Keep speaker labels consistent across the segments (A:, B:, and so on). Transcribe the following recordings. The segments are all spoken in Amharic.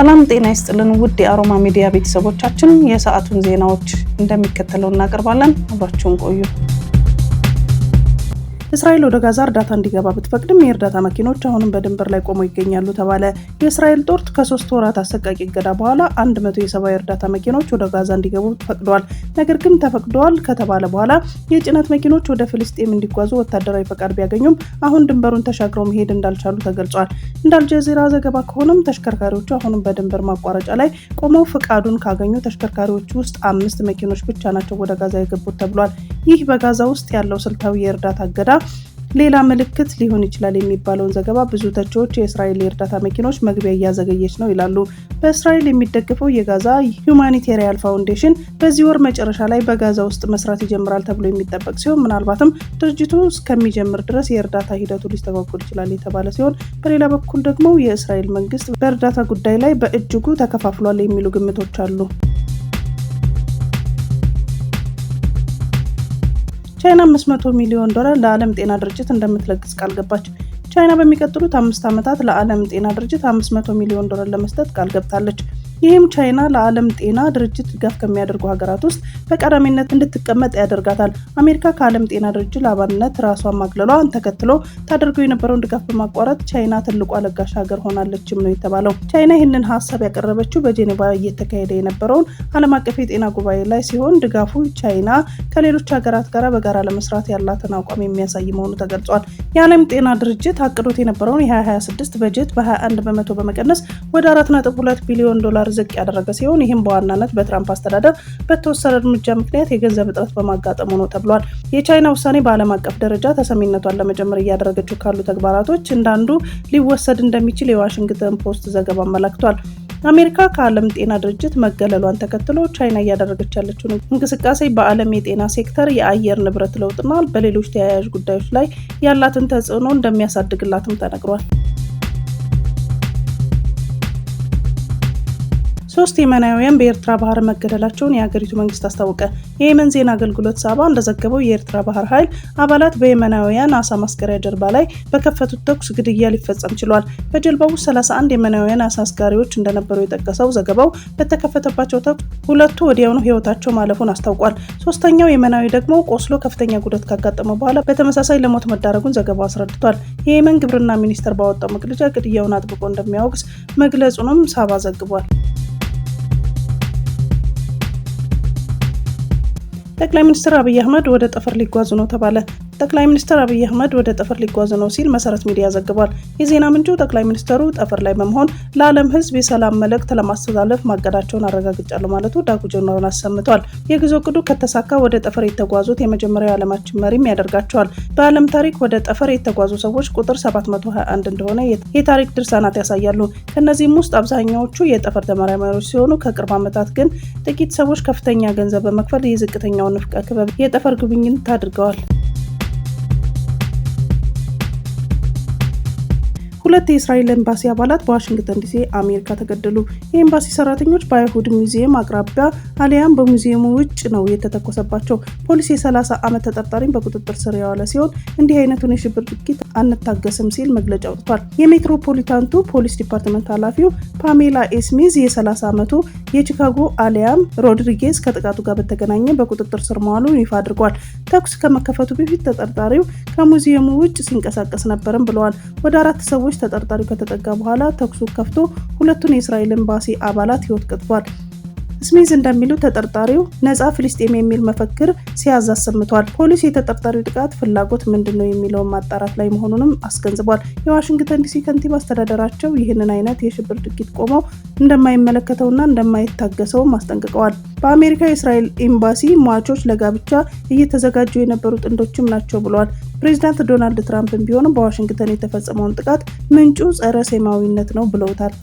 A: ሰላም ጤና ይስጥልን ውድ የአሮማ ሚዲያ ቤተሰቦቻችን፣ የሰዓቱን ዜናዎች እንደሚከተለው እናቀርባለን። አብራችሁን ቆዩ። እስራኤል ወደ ጋዛ እርዳታ እንዲገባ ብትፈቅድም የእርዳታ መኪኖች አሁንም በድንበር ላይ ቆመው ይገኛሉ ተባለ። የእስራኤል ጦር ከሶስት ወራት አሰቃቂ እገዳ በኋላ አንድ መቶ የሰብአዊ እርዳታ መኪኖች ወደ ጋዛ እንዲገቡ ፈቅደዋል። ነገር ግን ተፈቅደዋል ከተባለ በኋላ የጭነት መኪኖች ወደ ፍልስጤም እንዲጓዙ ወታደራዊ ፈቃድ ቢያገኙም አሁን ድንበሩን ተሻግረው መሄድ እንዳልቻሉ ተገልጿል። እንደ አልጀዚራ ዘገባ ከሆነም ተሽከርካሪዎቹ አሁንም በድንበር ማቋረጫ ላይ ቆመው ፈቃዱን ካገኙ ተሽከርካሪዎች ውስጥ አምስት መኪኖች ብቻ ናቸው ወደ ጋዛ የገቡት ተብሏል። ይህ በጋዛ ውስጥ ያለው ስልታዊ የእርዳታ እገዳ ሌላ ምልክት ሊሆን ይችላል የሚባለውን ዘገባ ብዙ ተቺዎች የእስራኤል የእርዳታ መኪኖች መግቢያ እያዘገየች ነው ይላሉ። በእስራኤል የሚደግፈው የጋዛ ሁማኒቴሪያን ፋውንዴሽን በዚህ ወር መጨረሻ ላይ በጋዛ ውስጥ መስራት ይጀምራል ተብሎ የሚጠበቅ ሲሆን ምናልባትም ድርጅቱ እስከሚጀምር ድረስ የእርዳታ ሂደቱ ሊስተጓጎል ይችላል የተባለ ሲሆን፣ በሌላ በኩል ደግሞ የእስራኤል መንግስት በእርዳታ ጉዳይ ላይ በእጅጉ ተከፋፍሏል የሚሉ ግምቶች አሉ። ቻይና 500 ሚሊዮን ዶላር ለዓለም ጤና ድርጅት እንደምትለግስ ቃል ገባች። ቻይና በሚቀጥሉት አምስት ዓመታት ለዓለም ጤና ድርጅት 500 ሚሊዮን ዶላር ለመስጠት ቃል ገብታለች። ይህም ቻይና ለዓለም ጤና ድርጅት ድጋፍ ከሚያደርጉ ሀገራት ውስጥ በቀዳሚነት እንድትቀመጥ ያደርጋታል። አሜሪካ ከዓለም ጤና ድርጅት ለአባልነት ራሷን ማግለሏን ተከትሎ ታደርገው የነበረውን ድጋፍ በማቋረጥ ቻይና ትልቁ አለጋሽ ሀገር ሆናለችም ነው የተባለው። ቻይና ይህንን ሀሳብ ያቀረበችው በጄኔቫ እየተካሄደ የነበረውን ዓለም አቀፍ የጤና ጉባኤ ላይ ሲሆን ድጋፉ ቻይና ከሌሎች ሀገራት ጋር በጋራ ለመስራት ያላትን አቋም የሚያሳይ መሆኑ ተገልጿል። የዓለም ጤና ድርጅት አቅዶት የነበረውን የ2026 በጀት በ21 በመቶ በመቀነስ ወደ 4.2 ቢሊዮን ዶላር ዝቅ ያደረገ ሲሆን ይህም በዋናነት በትራምፕ አስተዳደር በተወሰነ እርምጃ ምክንያት የገንዘብ እጥረት በማጋጠሙ ነው ተብሏል። የቻይና ውሳኔ በዓለም አቀፍ ደረጃ ተሰሚነቷን ለመጨመር እያደረገችው ካሉ ተግባራቶች እንዳንዱ ሊወሰድ እንደሚችል የዋሽንግተን ፖስት ዘገባ አመላክቷል። አሜሪካ ከዓለም ጤና ድርጅት መገለሏን ተከትሎ ቻይና እያደረገች ያለችውን እንቅስቃሴ በዓለም የጤና ሴክተር የአየር ንብረት ለውጥና በሌሎች ተያያዥ ጉዳዮች ላይ ያላትን ተጽዕኖ እንደሚያሳድግላትም ተነግሯል። ሶስት የመናውያን በኤርትራ ባህር መገደላቸውን የሀገሪቱ መንግስት አስታወቀ። የየመን ዜና አገልግሎት ሳባ እንደዘገበው የኤርትራ ባህር ኃይል አባላት በየመናውያን አሳ ማስገሪያ ጀልባ ላይ በከፈቱት ተኩስ ግድያ ሊፈጸም ችሏል። በጀልባው ውስጥ 31 የመናውያን አሳ አስጋሪዎች እንደነበሩ የጠቀሰው ዘገባው በተከፈተባቸው ተኩስ ሁለቱ ወዲያውኑ ህይወታቸው ማለፉን አስታውቋል። ሶስተኛው የመናዊ ደግሞ ቆስሎ ከፍተኛ ጉዳት ካጋጠመው በኋላ በተመሳሳይ ለሞት መዳረጉን ዘገባው አስረድቷል። የየመን ግብርና ሚኒስቴር ባወጣው መግለጫ ግድያውን አጥብቆ እንደሚያወግዝ መግለጹንም ሳባ ዘግቧል። ጠቅላይ ሚኒስትር አብይ አህመድ ወደ ጠፈር ሊጓዙ ነው ተባለ። ጠቅላይ ሚኒስትር አብይ አህመድ ወደ ጠፈር ሊጓዙ ነው ሲል መሰረት ሚዲያ ዘግቧል። የዜና ምንጩ ጠቅላይ ሚኒስትሩ ጠፈር ላይ በመሆን ለዓለም ሕዝብ የሰላም መልእክት ለማስተላለፍ ማቀዳቸውን አረጋግጫለሁ ማለቱ ዳጉ ጀነራል አሰምቷል። የጉዞ እቅዱ ከተሳካ ወደ ጠፈር የተጓዙት የመጀመሪያው የዓለማችን መሪም ያደርጋቸዋል። በዓለም ታሪክ ወደ ጠፈር የተጓዙ ሰዎች ቁጥር 721 እንደሆነ የታሪክ ድርሳናት ያሳያሉ። ከእነዚህም ውስጥ አብዛኛዎቹ የጠፈር ተመራማሪዎች ሲሆኑ ከቅርብ ዓመታት ግን ጥቂት ሰዎች ከፍተኛ ገንዘብ በመክፈል የዝቅተኛውን ንፍቀ ክበብ የጠፈር ጉብኝት አድርገዋል። ሁለት የእስራኤል ኤምባሲ አባላት በዋሽንግተን ዲሲ አሜሪካ ተገደሉ። የኤምባሲ ሰራተኞች በአይሁድ ሙዚየም አቅራቢያ አሊያም በሙዚየሙ ውጭ ነው የተተኮሰባቸው። ፖሊስ የ30 ዓመት ተጠርጣሪን በቁጥጥር ስር የዋለ ሲሆን እንዲህ አይነቱን የሽብር ድርጊት አንታገስም ሲል መግለጫ አውጥቷል። የሜትሮፖሊታንቱ ፖሊስ ዲፓርትመንት ኃላፊው ፓሜላ ኤስሚዝ የ30 ዓመቱ የቺካጎ አሊያም ሮድሪጌዝ ከጥቃቱ ጋር በተገናኘ በቁጥጥር ስር መዋሉን ይፋ አድርጓል። ተኩስ ከመከፈቱ በፊት ተጠርጣሪው ከሙዚየሙ ውጭ ሲንቀሳቀስ ነበርም ብለዋል። ወደ አራት ሰዎች ተጠርጣሪው ከተጠጋ በኋላ ተኩሱ ከፍቶ ሁለቱን የእስራኤል ኤምባሲ አባላት ህይወት ቀጥፏል። ስሚዝ እንደሚሉ ተጠርጣሪው ነጻ ፍልስጤም የሚል መፈክር ሲያዝ አሰምቷል። ፖሊስ የተጠርጣሪው ጥቃት ፍላጎት ምንድን ነው የሚለውን ማጣራት ላይ መሆኑንም አስገንዝቧል። የዋሽንግተን ዲሲ ከንቲባ አስተዳደራቸው ይህንን አይነት የሽብር ድርጊት ቆመው እንደማይመለከተውና እንደማይታገሰውም አስጠንቅቀዋል። በአሜሪካ የእስራኤል ኤምባሲ ሟቾች ለጋብቻ እየተዘጋጁ የነበሩ ጥንዶችም ናቸው ብለዋል። ፕሬዚዳንት ዶናልድ ትራምፕም ቢሆንም በዋሽንግተን የተፈጸመውን ጥቃት ምንጩ ጸረ ሴማዊነት ነው ብለውታል።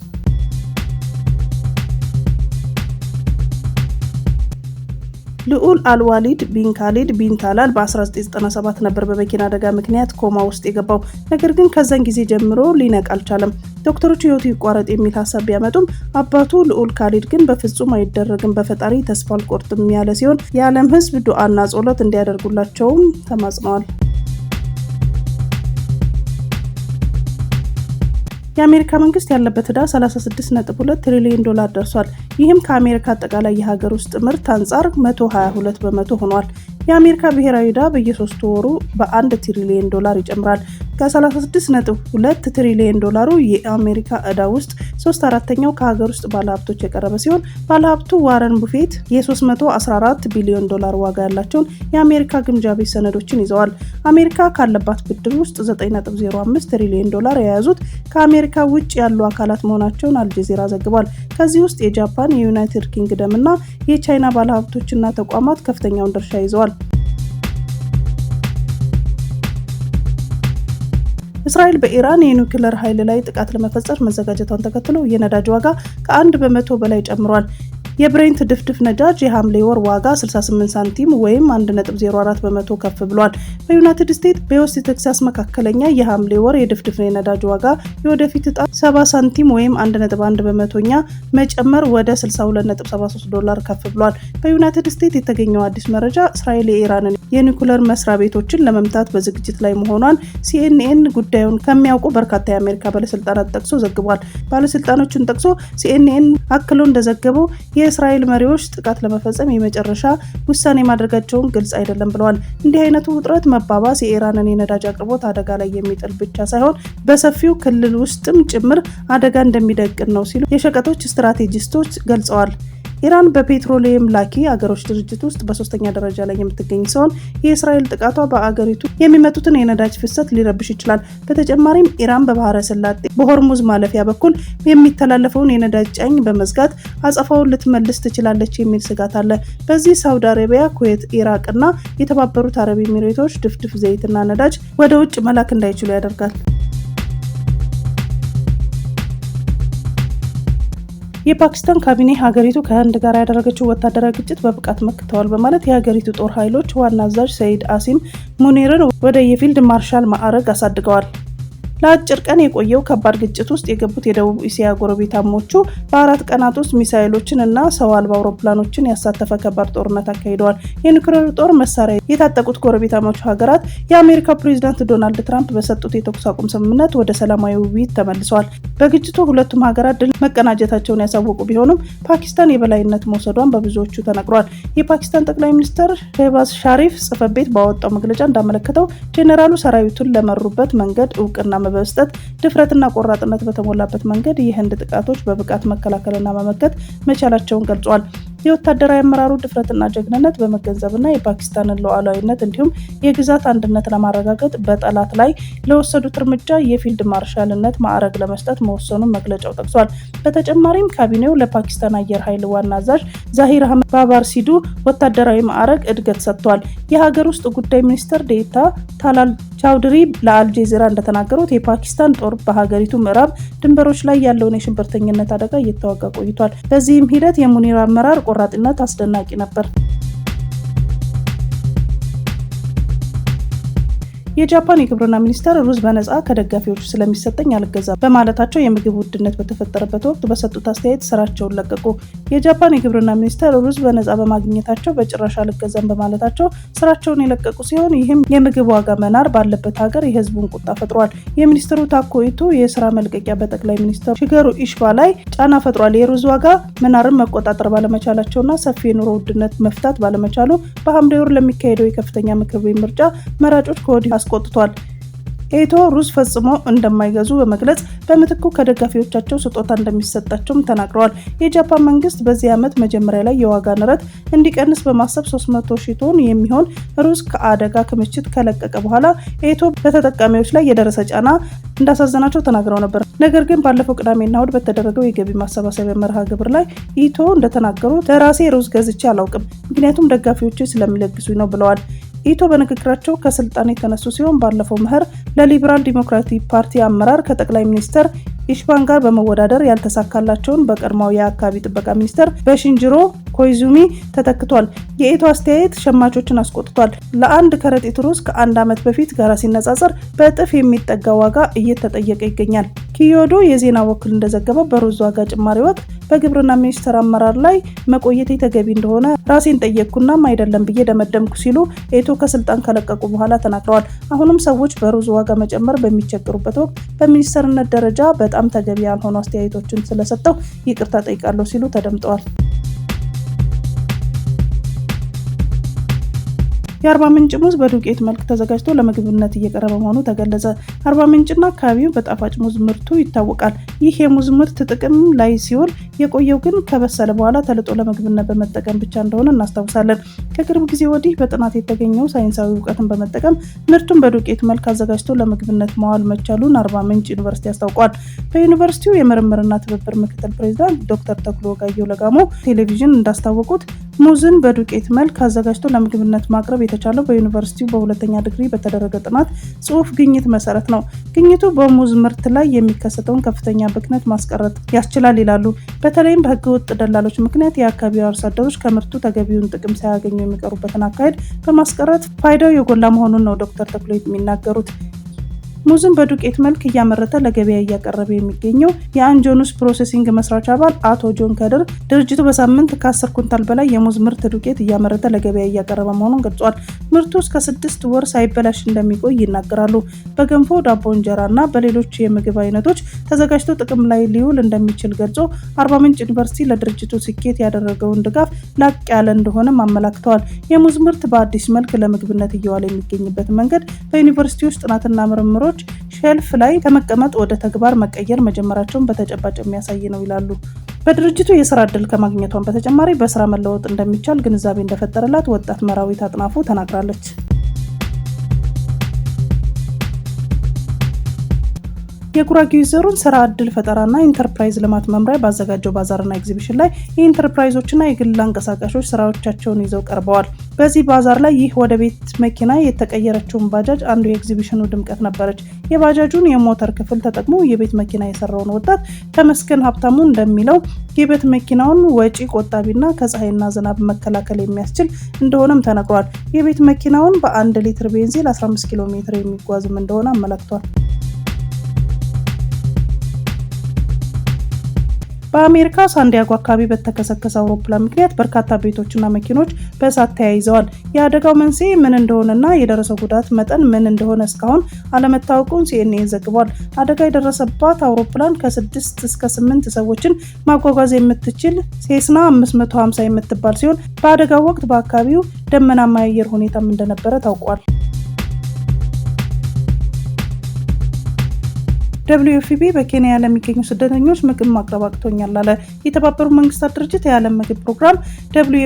A: ልዑል አልዋሊድ ቢን ካሊድ ቢን ታላል በ1997 ነበር በመኪና አደጋ ምክንያት ኮማ ውስጥ የገባው። ነገር ግን ከዛን ጊዜ ጀምሮ ሊነቅ አልቻለም። ዶክተሮች ህይወቱ ይቋረጥ የሚል ሀሳብ ቢያመጡም አባቱ ልዑል ካሊድ ግን በፍጹም አይደረግም፣ በፈጣሪ ተስፋ አልቆርጥም ያለ ሲሆን የዓለም ህዝብ ዱዓና ጸሎት እንዲያደርጉላቸውም ተማጽነዋል። የአሜሪካ መንግስት ያለበት ዕዳ 36.2 ትሪሊዮን ዶላር ደርሷል። ይህም ከአሜሪካ አጠቃላይ የሀገር ውስጥ ምርት አንጻር 122 በመቶ ሆኗል። የአሜሪካ ብሔራዊ ዕዳ በየሶስት ወሩ በአንድ ትሪሊዮን ዶላር ይጨምራል። ከ36.2 ትሪሊየን ዶላሩ የአሜሪካ ዕዳ ውስጥ ሶስት አራተኛው ከሀገር ውስጥ ባለሀብቶች የቀረበ ሲሆን ባለሀብቱ ዋረን ቡፌት የ314 ቢሊዮን ዶላር ዋጋ ያላቸውን የአሜሪካ ግምጃ ቤት ሰነዶችን ይዘዋል። አሜሪካ ካለባት ብድር ውስጥ 9.05 ትሪሊየን ዶላር የያዙት ከአሜሪካ ውጭ ያሉ አካላት መሆናቸውን አልጀዚራ ዘግቧል። ከዚህ ውስጥ የጃፓን፣ የዩናይትድ ኪንግደም እና የቻይና ባለሀብቶችና ተቋማት ከፍተኛውን ድርሻ ይዘዋል። እስራኤል በኢራን የኒውክለር ኃይል ላይ ጥቃት ለመፈጸም መዘጋጀቷን ተከትሎ የነዳጅ ዋጋ ከአንድ በመቶ በላይ ጨምሯል። የብሬንት ድፍድፍ ነዳጅ የሐምሌ ወር ዋጋ 68 ሳንቲም ወይም 1.04 በመቶ ከፍ ብሏል። በዩናይትድ ስቴትስ በዌስት ቴክሳስ መካከለኛ የሐምሌ ወር የድፍድፍ ነዳጅ ዋጋ የወደፊት ዕጣ 70 ሳንቲም ወይም 1.1 በመቶኛ መጨመር ወደ 62.73 ዶላር ከፍ ብሏል። በዩናይትድ ስቴትስ የተገኘው አዲስ መረጃ እስራኤል የኢራንን የኒኩለር መስሪያ ቤቶችን ለመምታት በዝግጅት ላይ መሆኗን ሲኤንኤን ጉዳዩን ከሚያውቁ በርካታ የአሜሪካ ባለስልጣናት ጠቅሶ ዘግቧል። ባለስልጣኖቹን ጠቅሶ ሲኤንኤን አክሎ እንደዘገበው የእስራኤል መሪዎች ጥቃት ለመፈጸም የመጨረሻ ውሳኔ ማድረጋቸውን ግልጽ አይደለም ብለዋል። እንዲህ አይነቱ ውጥረት መባባስ የኢራንን የነዳጅ አቅርቦት አደጋ ላይ የሚጥል ብቻ ሳይሆን በሰፊው ክልል ውስጥም ጭምር አደጋ እንደሚደቅን ነው ሲሉ የሸቀጦች ስትራቴጂስቶች ገልጸዋል። ኢራን በፔትሮሊየም ላኪ አገሮች ድርጅት ውስጥ በሶስተኛ ደረጃ ላይ የምትገኝ ሲሆን የእስራኤል ጥቃቷ በአገሪቱ የሚመጡትን የነዳጅ ፍሰት ሊረብሽ ይችላል። በተጨማሪም ኢራን በባህረ ስላጤ በሆርሙዝ ማለፊያ በኩል የሚተላለፈውን የነዳጅ ጫኝ በመዝጋት አጸፋውን ልትመልስ ትችላለች የሚል ስጋት አለ። በዚህ ሳውዲ አረቢያ፣ ኩዌት፣ ኢራቅና የተባበሩት አረብ ኤሚሬቶች ድፍድፍ ዘይትና ነዳጅ ወደ ውጭ መላክ እንዳይችሉ ያደርጋል። የፓኪስታን ካቢኔ ሀገሪቱ ከህንድ ጋር ያደረገችው ወታደራዊ ግጭት በብቃት መክተዋል በማለት የሀገሪቱ ጦር ኃይሎች ዋና አዛዥ ሰይድ አሲም ሙኒርን ወደ የፊልድ ማርሻል ማዕረግ አሳድገዋል። ለአጭር ቀን የቆየው ከባድ ግጭት ውስጥ የገቡት የደቡብ እስያ ጎረቤታሞቹ በአራት ቀናት ውስጥ ሚሳይሎችን እና ሰው አልባ አውሮፕላኖችን ያሳተፈ ከባድ ጦርነት አካሂደዋል። የኒውክሌር ጦር መሳሪያ የታጠቁት ጎረቤታሞቹ ሀገራት የአሜሪካው ፕሬዚዳንት ዶናልድ ትራምፕ በሰጡት የተኩስ አቁም ስምምነት ወደ ሰላማዊ ውይይት ተመልሰዋል። በግጭቱ ሁለቱም ሀገራት ድል መቀናጀታቸውን ያሳወቁ ቢሆኑም ፓኪስታን የበላይነት መውሰዷን በብዙዎቹ ተነግሯል። የፓኪስታን ጠቅላይ ሚኒስትር ሸህባዝ ሻሪፍ ጽህፈት ቤት ባወጣው መግለጫ እንዳመለከተው ጄኔራሉ ሰራዊቱን ለመሩበት መንገድ እውቅና በመስጠት ድፍረትና ቆራጥነት በተሞላበት መንገድ የህንድ ጥቃቶች በብቃት መከላከልና መመከት መቻላቸውን ገልጿል። የወታደራዊ አመራሩ ድፍረትና ጀግንነት በመገንዘብና የፓኪስታንን ሉዓላዊነት እንዲሁም የግዛት አንድነት ለማረጋገጥ በጠላት ላይ ለወሰዱት እርምጃ የፊልድ ማርሻልነት ማዕረግ ለመስጠት መወሰኑን መግለጫው ጠቅሷል። በተጨማሪም ካቢኔው ለፓኪስታን አየር ኃይል ዋና አዛዥ ዛሂር አህመድ ባባር ሲዱ ወታደራዊ ማዕረግ እድገት ሰጥቷል። የሀገር ውስጥ ጉዳይ ሚኒስትር ዴታ ታላል ቻውድሪ ለአልጄዚራ እንደተናገሩት የፓኪስታን ጦር በሀገሪቱ ምዕራብ ድንበሮች ላይ ያለውን የሽብርተኝነት አደጋ እየተዋጋ ቆይቷል። በዚህም ሂደት የሙኒር አመራር ቆራጥነት አስደናቂ ነበር። የጃፓን የግብርና ሚኒስተር ሩዝ በነጻ ከደጋፊዎቹ ስለሚሰጠኝ አልገዛም በማለታቸው የምግብ ውድነት በተፈጠረበት ወቅት በሰጡት አስተያየት ስራቸውን ለቀቁ። የጃፓን የግብርና ሚኒስተር ሩዝ በነጻ በማግኘታቸው በጭራሽ አልገዛም በማለታቸው ስራቸውን የለቀቁ ሲሆን ይህም የምግብ ዋጋ መናር ባለበት ሀገር የህዝቡን ቁጣ ፈጥሯል። የሚኒስትሩ ታኮ የስራ መልቀቂያ በጠቅላይ ሚኒስትር ሽገሩ ኢሽባ ላይ ጫና ፈጥሯል። የሩዝ ዋጋ መናርን መቆጣጠር ባለመቻላቸውና ሰፊ የኑሮ ውድነት መፍታት ባለመቻሉ በሐምሌ ወር ለሚካሄደው የከፍተኛ ምክር ቤት ምርጫ መራጮች ከወዲሁ አስቆጥቷል። ኤቶ ሩዝ ፈጽሞ እንደማይገዙ በመግለጽ በምትኩ ከደጋፊዎቻቸው ስጦታ እንደሚሰጣቸውም ተናግረዋል። የጃፓን መንግስት በዚህ ዓመት መጀመሪያ ላይ የዋጋ ንረት እንዲቀንስ በማሰብ 300 ሺህ ቶን የሚሆን ሩዝ ከአደጋ ክምችት ከለቀቀ በኋላ ኤቶ በተጠቃሚዎች ላይ የደረሰ ጫና እንዳሳዘናቸው ተናግረው ነበር። ነገር ግን ባለፈው ቅዳሜና እሁድ በተደረገው የገቢ ማሰባሰቢያ መርሃ ግብር ላይ ኢቶ እንደተናገሩ ለራሴ ሩዝ ገዝቼ አላውቅም፣ ምክንያቱም ደጋፊዎች ስለሚለግሱኝ ነው ብለዋል። ኢቶ በንግግራቸው ከስልጣን የተነሱ ሲሆን ባለፈው መኸር ለሊበራል ዲሞክራቲ ፓርቲ አመራር ከጠቅላይ ሚኒስተር ኢሽባን ጋር በመወዳደር ያልተሳካላቸውን በቀድሞው የአካባቢ ጥበቃ ሚኒስተር በሽንጅሮ ኮይዙሚ ተተክቷል። የኢቶ አስተያየት ሸማቾችን አስቆጥቷል። ለአንድ ከረጢት ሩዝ ከአንድ ዓመት በፊት ጋር ሲነጻጸር በእጥፍ የሚጠጋ ዋጋ እየተጠየቀ ይገኛል። ኪዮዶ የዜና ወኪል እንደዘገበው በሩዝ ዋጋ ጭማሪ ወቅት በግብርና ሚኒስቴር አመራር ላይ መቆየቴ ተገቢ እንደሆነ ራሴን ጠየቅኩናም አይደለም ብዬ ደመደምኩ ሲሉ ኤቶ ከስልጣን ከለቀቁ በኋላ ተናግረዋል። አሁንም ሰዎች በሩዝ ዋጋ መጨመር በሚቸገሩበት ወቅት በሚኒስትርነት ደረጃ በጣም ተገቢ ያልሆኑ አስተያየቶችን ስለሰጠው ይቅርታ ጠይቃለሁ ሲሉ ተደምጠዋል። የአርባ ምንጭ ሙዝ በዱቄት መልክ ተዘጋጅቶ ለምግብነት እየቀረበ መሆኑ ተገለጸ። አርባ ምንጭና አካባቢው በጣፋጭ ሙዝ ምርቱ ይታወቃል። ይህ የሙዝ ምርት ጥቅም ላይ ሲውል የቆየው ግን ከበሰለ በኋላ ተልጦ ለምግብነት በመጠቀም ብቻ እንደሆነ እናስታውሳለን። ከቅርብ ጊዜ ወዲህ በጥናት የተገኘው ሳይንሳዊ እውቀትን በመጠቀም ምርቱን በዱቄት መልክ አዘጋጅቶ ለምግብነት መዋል መቻሉን አርባ ምንጭ ዩኒቨርሲቲ አስታውቋል። በዩኒቨርሲቲው የምርምርና ትብብር ምክትል ፕሬዚዳንት ዶክተር ተክሎ ጋየሁ ለጋሞ ቴሌቪዥን እንዳስታወቁት ሙዝን በዱቄት መልክ አዘጋጅቶ ለምግብነት ማቅረብ የተቻለው በዩኒቨርሲቲው በሁለተኛ ዲግሪ በተደረገ ጥናት ጽሁፍ ግኝት መሰረት ነው። ግኝቱ በሙዝ ምርት ላይ የሚከሰተውን ከፍተኛ ብክነት ማስቀረት ያስችላል ይላሉ። በተለይም በህገወጥ ደላሎች ምክንያት የአካባቢው አርሶ አደሮች ከምርቱ ተገቢውን ጥቅም ሳያገኙ የሚቀሩበትን አካሄድ በማስቀረት ፋይዳው የጎላ መሆኑን ነው ዶክተር ተክሎ የሚናገሩት። ሙዝን በዱቄት መልክ እያመረተ ለገበያ እያቀረበ የሚገኘው የአንጆኑስ ፕሮሴሲንግ መስራች አባል አቶ ጆን ከድር ድርጅቱ በሳምንት ከ ከ10 ኩንታል በላይ የሙዝ ምርት ዱቄት እያመረተ ለገበያ እያቀረበ መሆኑን ገልጿል። ምርቱ እስከ ስድስት ወር ሳይበላሽ እንደሚቆይ ይናገራሉ። በገንፎ ዳቦ፣ እንጀራ እና በሌሎች የምግብ አይነቶች ተዘጋጅቶ ጥቅም ላይ ሊውል እንደሚችል ገልጾ አርባ ምንጭ ዩኒቨርሲቲ ለድርጅቱ ስኬት ያደረገውን ድጋፍ ላቅ ያለ እንደሆነም አመላክተዋል። የሙዝ ምርት በአዲስ መልክ ለምግብነት እየዋለ የሚገኝበት መንገድ በዩኒቨርሲቲ ውስጥ ጥናትና ምርምሮች ሰዎች ሼልፍ ላይ ከመቀመጥ ወደ ተግባር መቀየር መጀመራቸውን በተጨባጭ የሚያሳይ ነው ይላሉ። በድርጅቱ የስራ እድል ከማግኘቷን በተጨማሪ በስራ መለወጥ እንደሚቻል ግንዛቤ እንደፈጠረላት ወጣት መራዊት አጥናፉ ተናግራለች። የጉራጌ ዞን ስራ እድል ፈጠራና ኢንተርፕራይዝ ልማት መምሪያ ባዘጋጀው ባዛርና ኤግዚቢሽን ላይ የኢንተርፕራይዞችና የግል አንቀሳቃሾች ስራዎቻቸውን ይዘው ቀርበዋል። በዚህ ባዛር ላይ ይህ ወደ ቤት መኪና የተቀየረችውን ባጃጅ አንዱ የኤግዚቢሽኑ ድምቀት ነበረች። የባጃጁን የሞተር ክፍል ተጠቅሞ የቤት መኪና የሰራውን ወጣት ተመስገን ሀብታሙ እንደሚለው የቤት መኪናውን ወጪ ቆጣቢና ከፀሐይና ዝናብ መከላከል የሚያስችል እንደሆነም ተነግሯል። የቤት መኪናውን በአንድ ሊትር ቤንዚን 15 ኪሎ ሜትር የሚጓዝም እንደሆነ አመላክቷል። በአሜሪካ ሳንዲያጎ አካባቢ በተከሰከሰ አውሮፕላን ምክንያት በርካታ ቤቶችና መኪኖች በእሳት ተያይዘዋል። የአደጋው መንስኤ ምን እንደሆነና የደረሰው ጉዳት መጠን ምን እንደሆነ እስካሁን አለመታወቁን ሲኤንኤን ዘግቧል። አደጋ የደረሰባት አውሮፕላን ከስድስት እስከ ስምንት ሰዎችን ማጓጓዝ የምትችል ሴስና 550 የምትባል ሲሆን በአደጋው ወቅት በአካባቢው ደመናማ የአየር ሁኔታም እንደነበረ ታውቋል። ደብሊው ኤፍፒ በኬንያ ለሚገኙ ስደተኞች ምግብ ማቅረብ አቅቶኛል አለ። የተባበሩት መንግስታት ድርጅት የዓለም ምግብ ፕሮግራም ደብሊው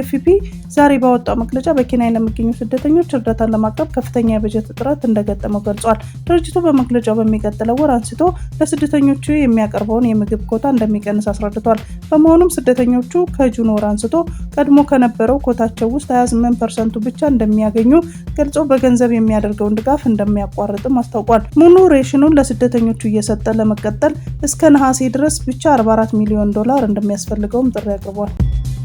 A: ዛሬ ባወጣው መግለጫ በኬንያ ለሚገኙ ስደተኞች እርዳታን ለማቅረብ ከፍተኛ የበጀት እጥረት እንደገጠመው ገልጿል። ድርጅቱ በመግለጫው በሚቀጥለው ወር አንስቶ ለስደተኞቹ የሚያቀርበውን የምግብ ኮታ እንደሚቀንስ አስረድቷል። በመሆኑም ስደተኞቹ ከጁን ወር አንስቶ ቀድሞ ከነበረው ኮታቸው ውስጥ 28 ፐርሰንቱ ብቻ እንደሚያገኙ ገልጾ በገንዘብ የሚያደርገውን ድጋፍ እንደሚያቋርጥም አስታውቋል። ሙኑ ሬሽኑን ለስደተኞቹ እየሰጠ ለመቀጠል እስከ ነሐሴ ድረስ ብቻ 44 ሚሊዮን ዶላር እንደሚያስፈልገውም ጥሪ አቅርቧል።